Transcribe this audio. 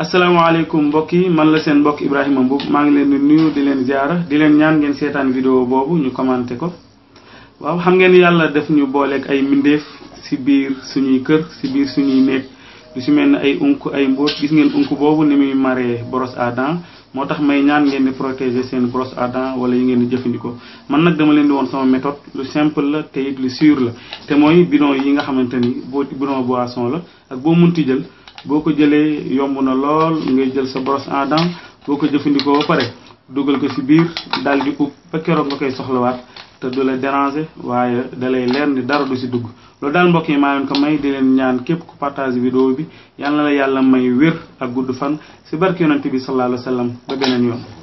Assalamualaikum mbokk yi man la seen mbokk ibrahima mbub maa ngi leen di nuyu di leen jaara di leen ñaan ngeen seetaan vidéo boobu ñu commenté ko waaw xam ngeen yàlla def ñu booleeg ay mbindeef si biir suñuy kër si biir suñuy néeg lu si mel ay unku ay mbóot gis ngeen unku boobu ni muy maree brosse à dents moo tax may ñaan ngeen di protéger seen brosse à dents wala yi ngeen di jëfandikoo man nag dama leen di woon sama méthode lu simple la te it lu sûr la te mooy bidon yi nga xamante ni boo bidon boisson la ak boo munti jël boo ko jëlee yomb na lool ngay jël sa brosse à dents boo ko jëfandikoo ba pare dugal ko ci biir daal di ub ba keroog nga koy soxlawaat te du la déranger waaye dalay leer ni dara du ci dugg loolu daal mbokk yi maa leen ko may di leen ñaan képp ku partage vidéo bi yal na la yàlla may wér ak gudd fan ci barke yonent bi sallallahu alayhi wa sallam ba beneen yoon